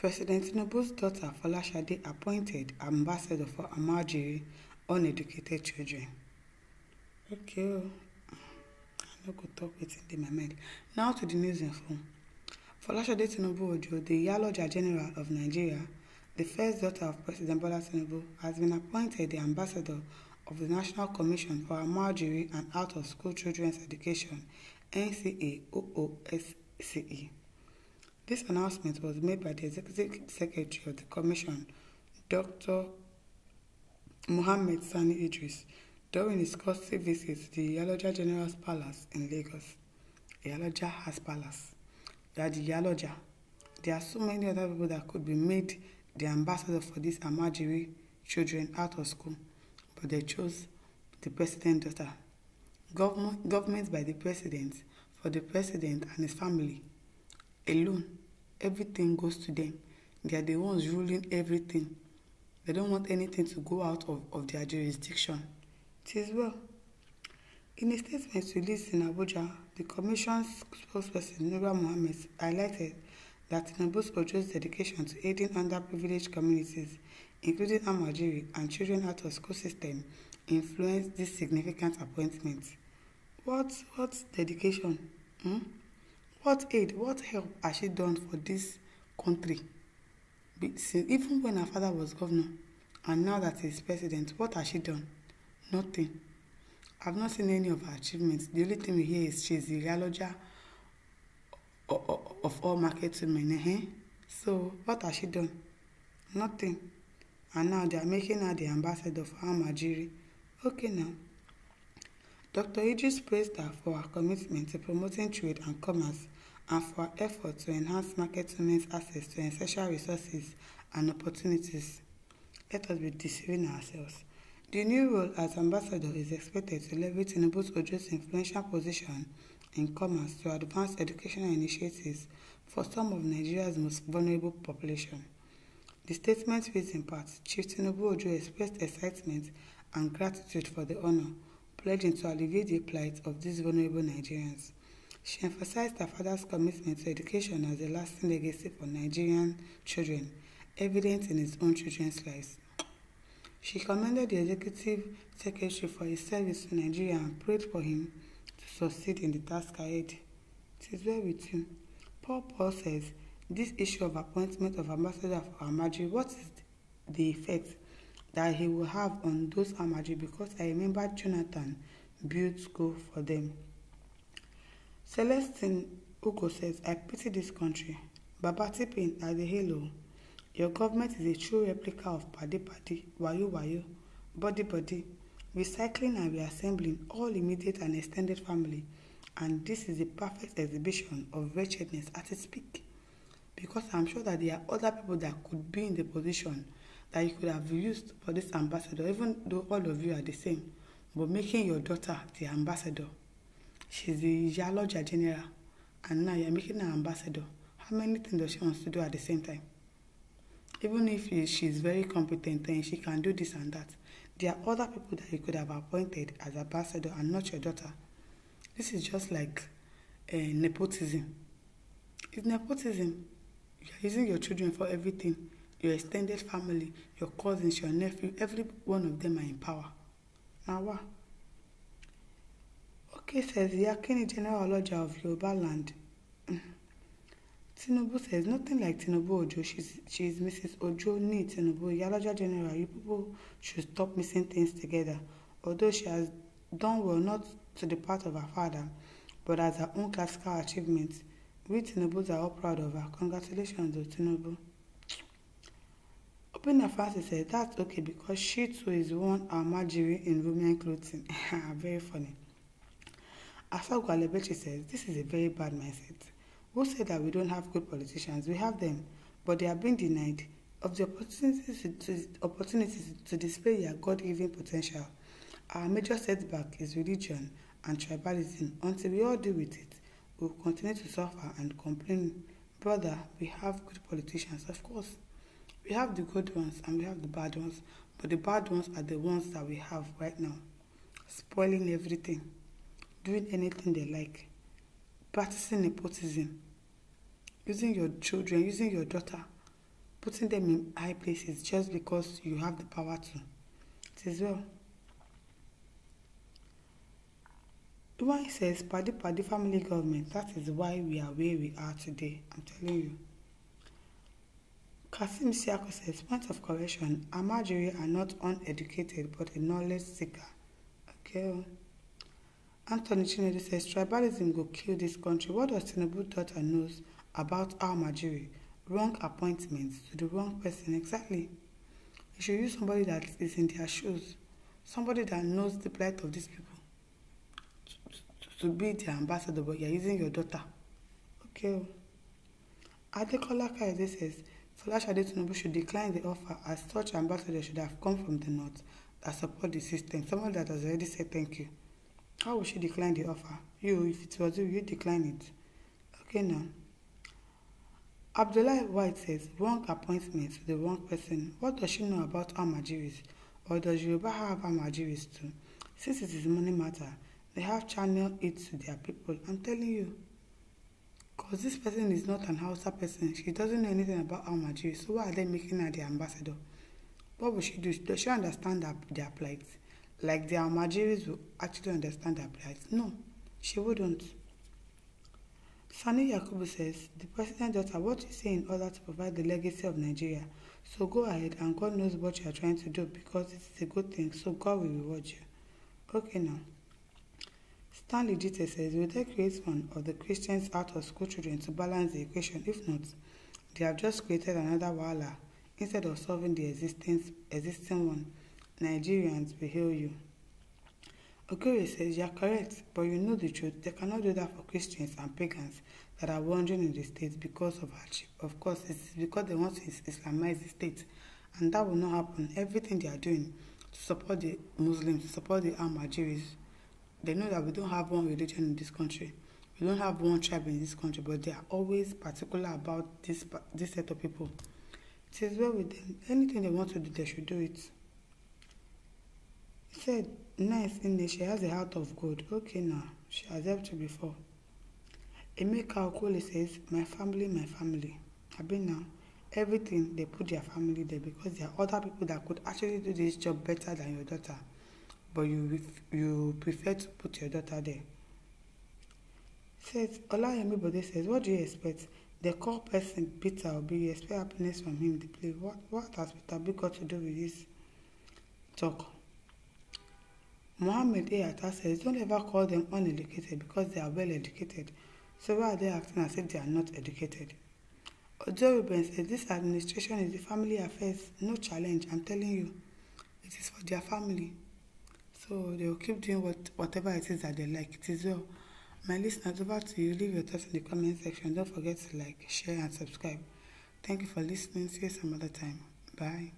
President Tinubu's daughter De appointed ambassador for Amajiri, uneducated children. Okay, I'm not going to talk with the mind. Now to the news info. Folashade Tinubu Ojo, the Yaloja General of Nigeria, the first daughter of President Bola Tinubu, has been appointed the ambassador of the National Commission for Amajiri and Out of School Children's Education, NCA OOSCE. This announcement was made by the Executive Secretary of the Commission, Dr. Mohammed Sani Idris, during his courtesy visit to the Yaloja General's Palace in Lagos. Yaloja has palace. They the Yaloja. There are so many other people that could be made the ambassador for these Amajiri children out of school, but they chose the president's daughter. Government, government by the president, for the president and his family, alone everything goes to them. They are the ones ruling everything. They don't want anything to go out of, of their jurisdiction. It is well. In a statement released in Abuja, the Commission's spokesperson Nura Mohammed highlighted that Tinubu's proposed dedication to aiding underprivileged communities, including Amajiri and children out of school system, influenced this significant appointment. What what dedication? Hmm? What aid, what help has she done for this country? Even when her father was governor, and now that he's president, what has she done? Nothing. I've not seen any of her achievements. The only thing we hear is she's the raloja of all market women. Eh? So, what has she done? Nothing. And now they are making her the ambassador for Amajiri. Okay now. Dr. Idris praised her for her commitment to promoting trade and commerce and for her effort to enhance market women's access to essential resources and opportunities. Let us be deceiving ourselves. The new role as ambassador is expected to leverage Tinubu's Ojo's influential position in commerce to advance educational initiatives for some of Nigeria's most vulnerable population. The statement reads in part, Chief Tinubu Ojo expressed excitement and gratitude for the honor pledging to alleviate the plight of these vulnerable Nigerians. She emphasized her father's commitment to education as a lasting legacy for Nigerian children, evident in his own children's lives. She commended the executive secretary for his service to Nigeria and prayed for him to succeed in the task ahead. It is well with you. Paul Paul says, this issue of appointment of ambassador for Amaji, what is the effect that he will have on those Amaji because I remember Jonathan built school for them. Celestine Ugo says, I pity this country. Babati Pin at the halo. Your government is a true replica of Padi Padi, Body Body, recycling and reassembling all immediate and extended family. And this is the perfect exhibition of wretchedness at its peak. Because I'm sure that there are other people that could be in the position that you could have used for this ambassador, even though all of you are the same, but making your daughter the ambassador. She's the geologist General, and now you're making her ambassador. How many things does she wants to do at the same time? Even if she's very competent and she can do this and that, there are other people that you could have appointed as ambassador and not your daughter. This is just like uh, nepotism. It's nepotism. You're using your children for everything your extended family your cousins your nephew every one of them are in power Now what? okay says the yakini general oloja of yoruba land mm. tinubu says nothing like tinubu ojo she's she's mrs ojo ni tinubu yaloja general you people should stop missing things together although she has done well not to the part of her father but as her own classical achievement we tinubus are all proud of her congratulations o tinubu. Obinna said, that's okay because she too is one Almajiri in Roman clothing. Ah, very funny. Asagwa Lebechi says, this is a very bad mindset. Who said that we don't have good politicians? We have them, but they are being denied of the opportunities to, to, opportunities to display their God-given potential. Our major setback is religion and tribalism. Until we all deal with it, we continue to suffer and complain. Brother, we have good politicians, of course. We have the good ones and we have the bad ones, but the bad ones are the ones that we have right now. Spoiling everything, doing anything they like, practicing nepotism, using your children, using your daughter, putting them in high places just because you have the power to. It is well. one says party party family government? That is why we are where we are today. I'm telling you. Kasim Siako says, point of correction, Amajiri are not uneducated but a knowledge seeker. Okay. Anthony Chinedu says, tribalism will kill this country. What does Tinubu daughter knows about Amajiri? Wrong appointments to the wrong person. Exactly. You should use somebody that is in their shoes. Somebody that knows the plight of these people. To, to, to be their ambassador, but you're using your daughter. Okay. Adekola Kaede says, Folashade Tinubu should decline the offer as such ambassador should have come from the north that support the system, someone that has already said thank you. How will she decline the offer? You, if it was you, you decline it. Okay now. Abdullah White says, wrong appointment to the wrong person. What does she know about Amajiris? Or does Yoruba have Amajiris too? Since it is money matter, they have channeled it to their people. I'm telling you. Because this person is not an Hausa person. She doesn't know anything about Almaji. So why are they making her the ambassador? What will she do? Does she understand their, their plight? Like the Almajiris will actually understand their plight? No, she wouldn't. Sani Yakubu says, The president daughter, what you say in order to provide the legacy of Nigeria. So go ahead and God knows what you are trying to do because it is a good thing. So God will reward you. Okay now. Stan Legite says, will they create one of the Christians out of school children to balance the equation? If not, they have just created another wallah. instead of solving the existing existing one. Nigerians will heal you. Okere says, you are correct, but you know the truth. They cannot do that for Christians and pagans that are wandering in the states because of hardship. Of course, it's because they want to Islamize the state. And that will not happen. Everything they are doing to support the Muslims, to support the Ahmadis." They know that we don't have one religion in this country. We don't have one tribe in this country, but they are always particular about this this set of people. It is well with them. Anything they want to do, they should do it. He said, nice in there, she has a heart of gold. Okay now, she has helped you before. Emeka Okoli says, my family, my family. I been now. Everything, they put their family there because there are other people that could actually do this job better than your daughter. but you, you prefer to put your daughter there. Says Olayemi Bode says, What do you expect? The core person Peter Obi. You expect happiness from him. The play. What, what has Peter Obi got to do with this talk? Mohammed Eyata says, Don't ever call them uneducated because they are well educated. So why are they acting as if they are not educated? Ojo Ruben says, This administration is the family affairs. No challenge, I'm telling you. It is for their family. So they will keep doing what, whatever it is that they like. It is all My listeners, over to you. Leave your thoughts in the comment section. Don't forget to like, share, and subscribe. Thank you for listening. See you some other time. Bye.